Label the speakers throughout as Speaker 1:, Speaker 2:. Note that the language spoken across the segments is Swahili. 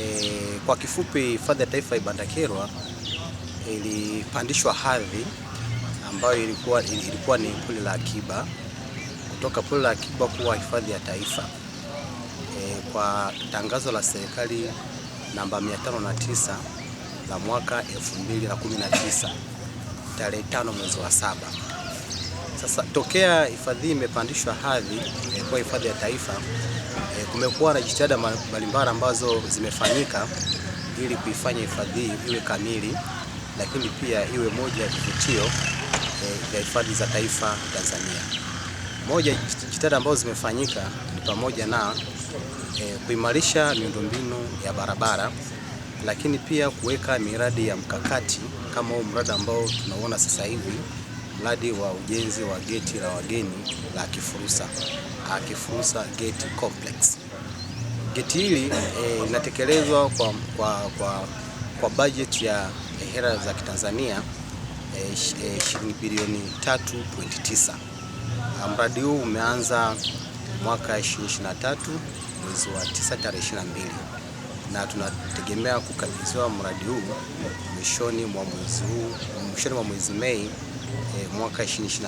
Speaker 1: E, kwa kifupi hifadhi ya taifa Ibandakerwa ilipandishwa hadhi ambayo ilikuwa, ilikuwa ni pori la akiba kutoka pori la akiba kuwa hifadhi ya taifa e, kwa tangazo la serikali namba 509 la mwaka 2019 tarehe 5 mwezi wa saba. Sasa tokea hifadhi imepandishwa hadhi kuwa hifadhi ya taifa Kumekuwa na jitihada mbalimbali ambazo zimefanyika ili kuifanya hifadhi hii iwe kamili, lakini pia iwe moja ya vivutio eh, vya e, hifadhi za taifa Tanzania. Moja jitihada ambazo zimefanyika ni pamoja na e, kuimarisha miundombinu ya barabara, lakini pia kuweka miradi ya mkakati kama huu mradi ambao tunauona sasa hivi, mradi wa ujenzi wa geti la wageni la Kifurusa ah, Kifurusa Gate Complex geti hili eh, linatekelezwa e, kwa, kwa, kwa, kwa bajeti ya hela za Kitanzania e, e, shilingi bilioni 3.9. Ah, mradi huu umeanza mwaka 2023 mwezi wa 9 tarehe 22 na tunategemea kukabidhiwa mradi huu mwishoni mwa mwezi huu mwishoni mwa mwezi Mei e, mwaka 2025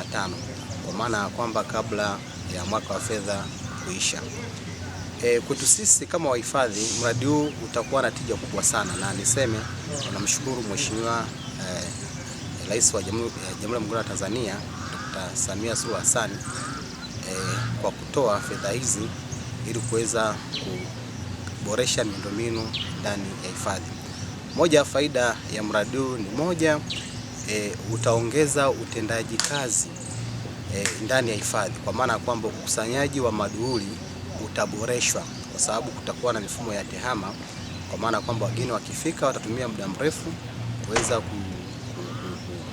Speaker 1: kwa maana ya kwamba kabla ya mwaka wa fedha kuisha. E, kwetu sisi kama wahifadhi mradi huu utakuwa na tija kubwa sana, na niseme tunamshukuru Mheshimiwa eh, Rais wa eh, Jamhuri ya Muungano wa Tanzania Dr. Samia Suluhu Hassan e, kwa kutoa fedha hizi ili kuweza kuboresha miundombinu ndani ya hifadhi. Moja ya faida ya mradi huu ni moja, e, utaongeza utendaji kazi e, ndani ya hifadhi kwa maana ya kwamba ukusanyaji wa maduhuli utaboreshwa kwa sababu kutakuwa na mifumo ya tehama, kwa maana kwamba wageni wakifika watatumia muda mrefu kuweza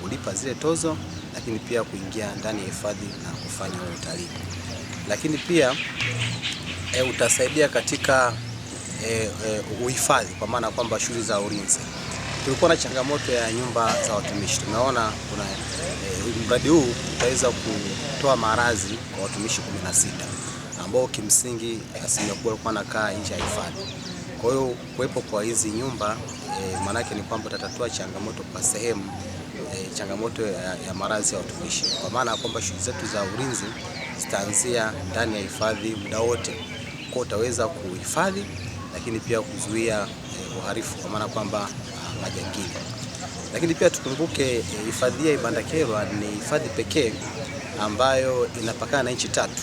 Speaker 1: kulipa zile tozo, lakini pia kuingia ndani ya hifadhi na kufanya utalii. Lakini pia e, utasaidia katika e, e, uhifadhi kwa maana kwamba shughuli za ulinzi tulikuwa na changamoto ya nyumba za watumishi. Tumeona kuna e, mradi huu utaweza kutoa marazi kwa watumishi kumi na sita ambao kimsingi asilimia eh, kubwa walikuwa wanakaa nje ya hifadhi. Kwa hiyo kuwepo kwa hizi nyumba e, maanake ni kwamba tatatua changamoto kwa sehemu e, changamoto ya, ya maradhi ya watumishi, kwa maana ya kwamba shughuli zetu za ulinzi zitaanzia ndani ya hifadhi muda wote, kwa utaweza kuhifadhi lakini pia kuzuia e, uharifu kwa maana kwamba ah, majangili. Lakini pia tukumbuke hifadhi e, ya Ibanda Ibandakerwa ni hifadhi pekee ambayo inapakana na nchi tatu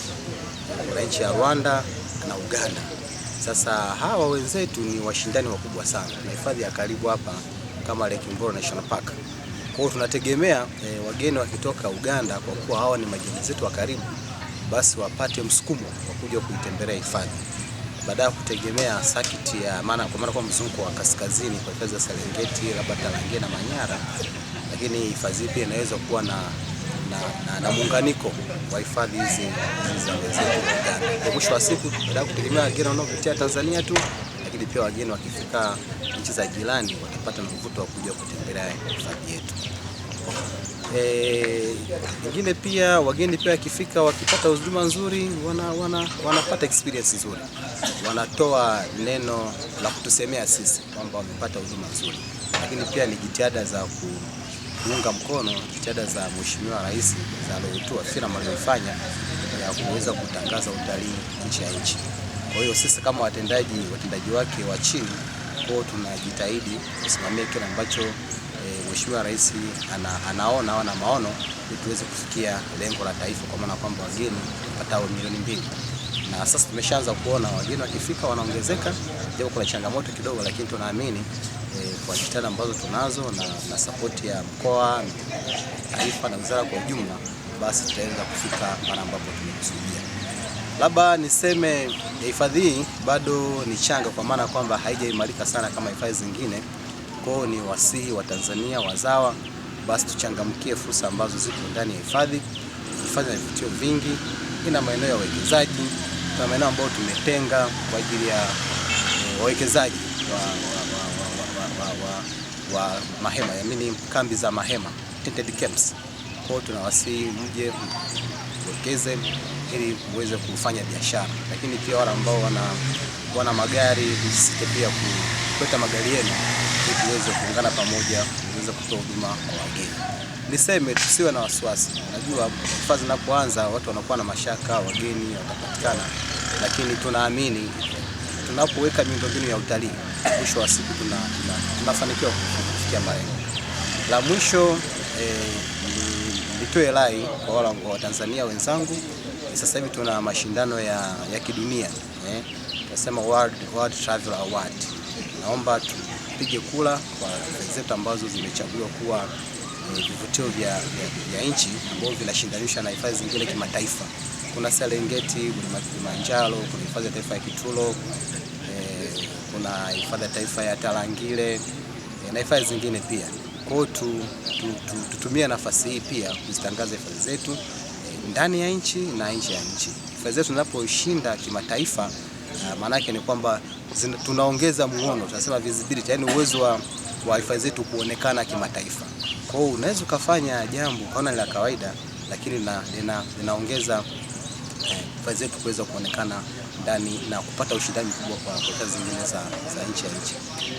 Speaker 1: kuna nchi ya Rwanda na Uganda. Sasa hawa wenzetu ni washindani wakubwa sana na hifadhi ya karibu hapa kama Lake Mburo National Park. Kwa hiyo tunategemea e, wageni wakitoka Uganda, kwa kuwa hawa ni majirani zetu wa karibu, basi wapate msukumo wa kuja kuitembelea hifadhi baada ya kutegemea sakiti ya maana kwa maana kwa mzunguko wa kaskazini kwa hifadhi za Serengeti, labda Tarangire na Manyara, lakini hifadhi pia inaweza kuwa na na, na, na muunganiko wa hifadhi hizi za wenzetu Uganda. mwisho wa siku, baada kutegemea wageni wanaopitia Tanzania tu, lakini pia wageni wakifika nchi za jirani watapata mvuto wa kuja kutembelea hifadhi yetu. Ingine e, pia wageni pia wakifika wakipata huduma nzuri wanapata wana, wanapata experience nzuri, wanatoa neno la kutusemea sisi kwamba wamepata huduma nzuri, lakini pia ni jitihada za ku kuunga mkono jitihada za Mheshimiwa Rais za aliyotoa filamu aliyofanya ya kuweza kutangaza utalii nchi ya nchi. Kwa hiyo sisi kama watendaji watendaji wake wa chini kwao tunajitahidi kusimamia kile ambacho e, Mheshimiwa Rais ana, anaona ana maono ili tuweze kufikia lengo la taifa kwa maana kwamba wageni wapatao milioni mbili na sasa tumeshaanza kuona wageni wakifika wanaongezeka, japo kuna changamoto kidogo, lakini tunaamini e, kwa jitihada ambazo tunazo na, na sapoti ya mkoa, taifa na wizara kwa ujumla, basi tutaweza kufika mara ambapo tumekusudia. Labda niseme hifadhi hii bado ni changa, kwa maana kwamba haijaimarika sana kama hifadhi zingine. Kwao ni wasihi wa Tanzania wazawa, basi tuchangamkie fursa ambazo ziko ndani ya hifadhi. Hifadhi na vivutio vingi, ina maeneo ya wawekezaji na maeneo ambayo tumetenga kwa ajili ya eh, wawekezaji wa wa mahema, yaani kambi za mahema tented camps. Kwa hiyo tunawasihi mje wekeze ili muweze kufanya biashara, lakini pia wale ambao wana, wana magari msisite pia kuleta magari yenu ili tuweze kuungana pamoja tuweze kutoa huduma kwa wageni. Niseme tusiwe na wasiwasi. Najua hifadhi zinapoanza watu wanakuwa na mashaka, wageni watapatikana, lakini tunaamini tunapoweka miundombinu ya utalii mwisho wa siku tunafanikiwa tuna, tuna kufikia malengo. La mwisho eh, nitoe eh, rai kwa wala Watanzania wenzangu sasa hivi tuna mashindano ya, ya kidunia eh, tunasema World, World Travel Award. Naomba tupige kula kwa zetu ambazo zimechaguliwa kuwa eh, vivutio vya, vya, vya nchi ambavyo vinashindanishwa na hifadhi zingine kimataifa. Kuna Serengeti, kuna Kilimanjaro, kuna hifadhi ya taifa ya Kitulo, kuna hifadhi ya taifa ya Tarangire eh, na hifadhi zingine pia. Kwa hiyo tu, tutumie nafasi hii pia kuzitangaza hifadhi zetu eh, ndani ya nchi na nje ya nchi. Hifadhi zetu zinaposhinda kimataifa, eh, maana yake ni kwamba tunaongeza muono, tunasema visibility, yani uwezo wa hifadhi zetu kuonekana kimataifa. Kwa hiyo unaweza ukafanya jambo kaona la kawaida, lakini linaongeza taifa zetu kuweza kuonekana ndani na kupata ushindani mkubwa kwa kazi zingine za nchi ya nchi.